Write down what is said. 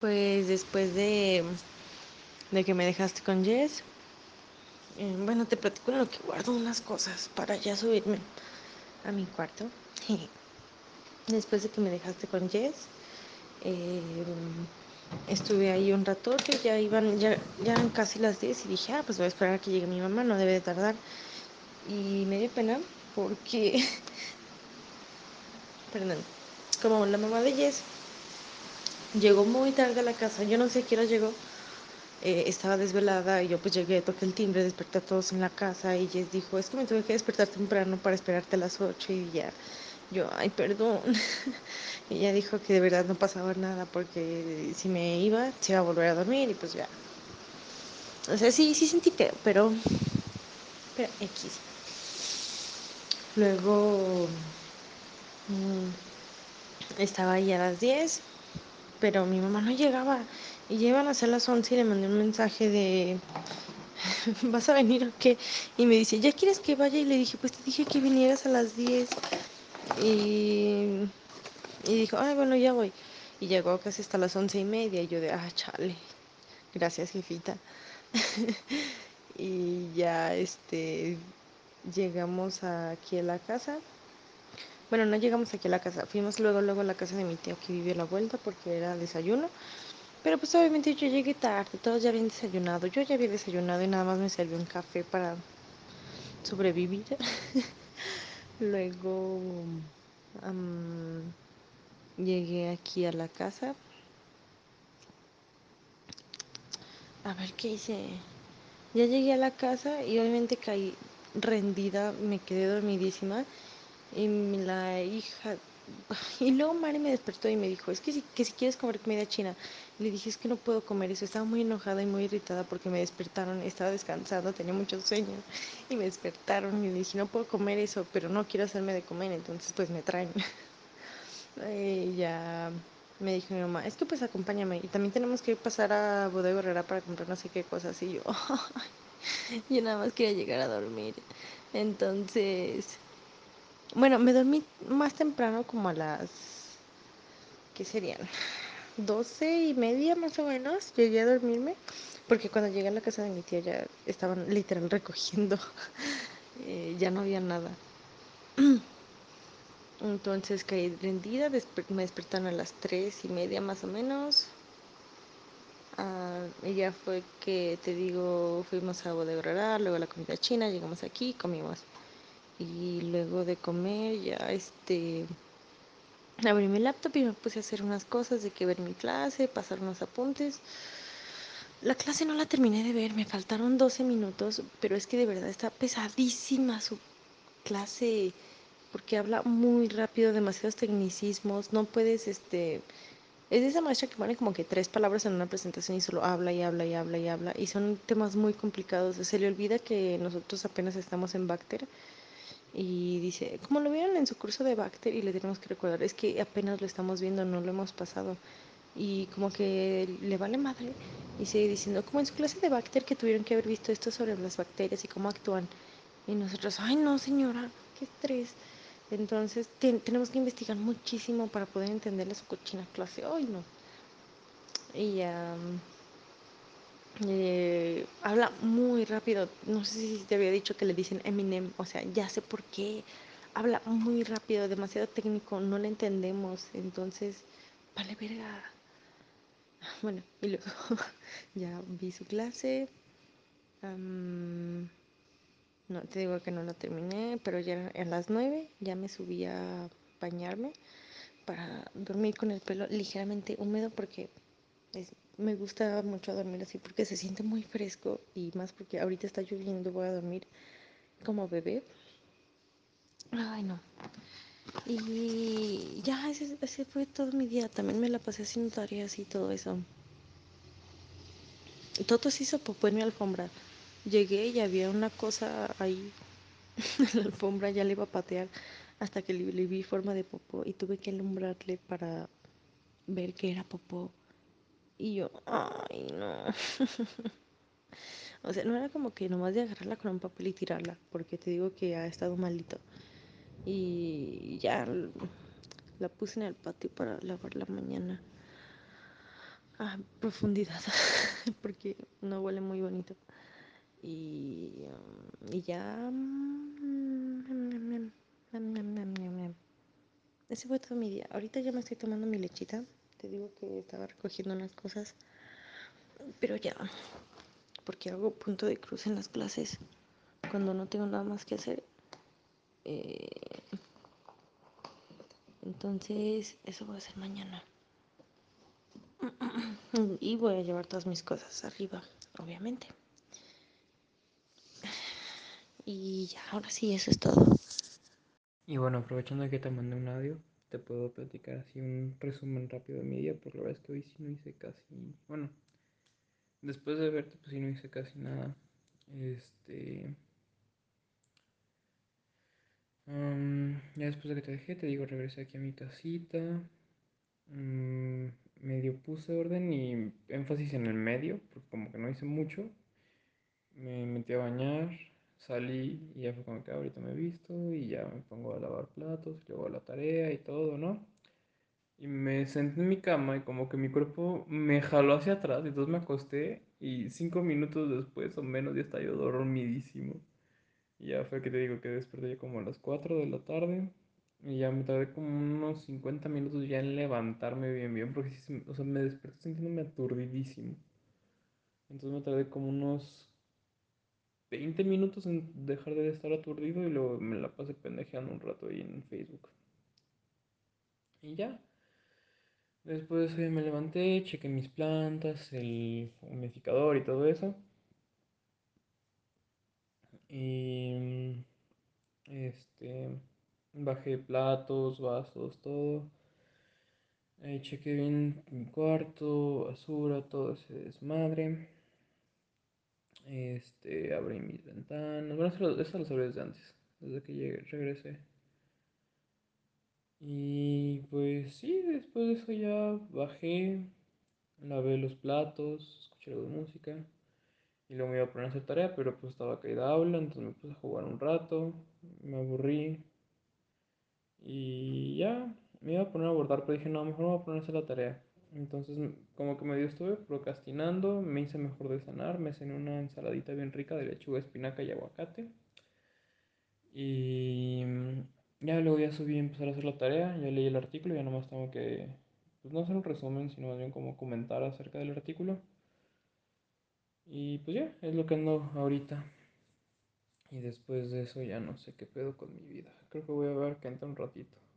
Pues después de, de que me dejaste con Jess, eh, bueno, te platico lo que guardo unas cosas para ya subirme a mi cuarto. después de que me dejaste con Jess, eh, estuve ahí un rato, que ya iban, ya, ya eran casi las 10 y dije, ah, pues voy a esperar a que llegue mi mamá, no debe de tardar. Y me dio pena porque, perdón, como la mamá de Jess Llegó muy tarde a la casa, yo no sé a qué hora llegó. Eh, estaba desvelada y yo pues llegué, toqué el timbre, desperté a todos en la casa y Jess dijo, es que me tuve que despertar temprano para esperarte a las 8 y ya. Yo, ay, perdón. ella dijo que de verdad no pasaba nada porque si me iba, se iba a volver a dormir y pues ya. O sea, sí, sí sentí que, pero... Pero X. Luego... Mm, estaba ahí a las 10 pero mi mamá no llegaba. Y llevan a ser las 11 y le mandé un mensaje de, ¿vas a venir o qué? Y me dice, ¿ya quieres que vaya? Y le dije, pues te dije que vinieras a las 10. Y, y dijo, ay, bueno, ya voy. Y llegó casi hasta las once y media. Y yo de, ah, chale. Gracias, jefita. y ya, este, llegamos aquí a la casa. Bueno, no llegamos aquí a la casa, fuimos luego, luego a la casa de mi tío que vivió la vuelta porque era desayuno. Pero pues obviamente yo llegué tarde, todos ya habían desayunado, yo ya había desayunado y nada más me serví un café para sobrevivir. luego llegué aquí a la casa. A ver qué hice. Ya llegué a la casa y obviamente caí rendida, me quedé dormidísima. Y la hija... Y luego Mari me despertó y me dijo, es que si, que si quieres comer comida china. le dije, es que no puedo comer eso. Estaba muy enojada y muy irritada porque me despertaron. Estaba descansando, tenía mucho sueño. Y me despertaron y le dije, no puedo comer eso, pero no quiero hacerme de comer. Entonces pues me traen. y ya me dijo mi mamá, es que pues acompáñame. Y también tenemos que pasar a Bodega Herrera para comprar no sé qué cosas. Y yo, yo nada más quería llegar a dormir. Entonces bueno, me dormí más temprano, como a las. ¿Qué serían? 12 y media más o menos. Llegué a dormirme. Porque cuando llegué a la casa de mi tía ya estaban literal recogiendo. Eh, ya no había nada. Entonces caí rendida. me despertaron a las 3 y media más o menos. Ah, y ya fue que te digo, fuimos a Bodegrará, luego a la comida china, llegamos aquí, comimos y luego de comer ya este abrí mi laptop y me puse a hacer unas cosas de que ver mi clase, pasar unos apuntes. La clase no la terminé de ver, me faltaron 12 minutos, pero es que de verdad está pesadísima su clase porque habla muy rápido, demasiados tecnicismos, no puedes este es de esa maestra que pone como que tres palabras en una presentación y solo habla y habla y habla y habla. Y son temas muy complicados. Se le olvida que nosotros apenas estamos en Bacter y dice, como lo vieron en su curso de Bacter y le tenemos que recordar, es que apenas lo estamos viendo, no lo hemos pasado. Y como que le vale madre y sigue diciendo, como en su clase de Bacter que tuvieron que haber visto esto sobre las bacterias y cómo actúan. Y nosotros, ay no señora, qué estrés. Entonces tenemos que investigar muchísimo para poder entenderle su cochina clase. Ay no. Y eh, habla muy rápido. No sé si te había dicho que le dicen Eminem. O sea, ya sé por qué. Habla muy rápido, demasiado técnico. No le entendemos. Entonces, vale verga. Bueno, y luego ya vi su clase. no te digo que no lo terminé, pero ya en las 9 ya me subí a bañarme para dormir con el pelo ligeramente húmedo porque me gusta mucho dormir así porque se siente muy fresco y más porque ahorita está lloviendo, voy a dormir como bebé. Ay, no. Y ya, ese, fue todo mi día. También me la pasé haciendo tareas y todo eso. Toto se hizo popó en mi alfombra. Llegué y había una cosa ahí en la alfombra, ya le iba a patear hasta que le, le vi forma de popó y tuve que alumbrarle para ver que era popó. Y yo, ay, no. o sea, no era como que nomás de agarrarla con un papel y tirarla, porque te digo que ha estado malito. Y ya la puse en el patio para lavarla mañana a profundidad, porque no huele muy bonito. Y, ya... Ese fue todo mi día. Ahorita ya me estoy tomando mi lechita. Te digo que estaba recogiendo unas cosas, pero ya, porque hago punto de cruz en las clases cuando no tengo nada más que hacer. Eh, entonces, eso voy a hacer mañana. Y voy a llevar todas mis cosas arriba, obviamente. Y ya, ahora sí, eso es todo. Y bueno, aprovechando que te mandé un audio, te puedo platicar así un resumen rápido de mi día, porque la verdad es que hoy sí no hice casi, bueno, después de verte pues sí no hice casi nada. Este... ya después de que te dejé, te digo, regresé aquí a mi casita. Mm, medio puse orden y énfasis en el medio, porque como que no hice mucho. Me metí a bañar, salí y ya fue como que ahorita me he visto y ya me pongo a lavar platos, y a la tarea y todo, ¿no? Y me senté en mi cama y como que mi cuerpo me jaló hacia atrás y entonces me acosté y cinco minutos después o menos ya estaba yo dormidísimo. Y ya fue que te digo que desperté como a las 4 de la tarde y ya me tardé como unos 50 minutos ya en levantarme bien, bien, porque o sea, me desperté sintiéndome aturdidísimo. Entonces me tardé como unos 20 minutos en dejar de estar aturdido y luego me la pasé pendejeando un rato ahí en Facebook. Y ya. Después eh, me levanté, chequé mis plantas, el humidificador y todo eso. Y este bajé platos, vasos, todo. Eh, chequé bien mi cuarto, basura, todo ese desmadre. Este, abrí mis ventanas. Bueno, estas las abrí desde antes, desde que llegué, regresé. Y pues sí, después de eso ya bajé, lavé los platos, escuché algo de música. Y luego me iba a poner a hacer tarea, pero pues estaba caída aula, entonces me puse a jugar un rato, me aburrí. Y ya, me iba a poner a abordar, pero dije, no, mejor me voy a poner a hacer la tarea. Entonces, como que medio estuve procrastinando, me hice mejor de sanar, me cené una ensaladita bien rica de lechuga, espinaca y aguacate. Y mm, ya luego ya subí a empezar a hacer la tarea, ya leí el artículo, ya nomás tengo que, pues no hacer un resumen, sino más bien como comentar acerca del artículo. Y pues ya, es lo que ando ahorita. Y después de eso ya no sé qué pedo con mi vida. Creo que voy a ver que entra un ratito.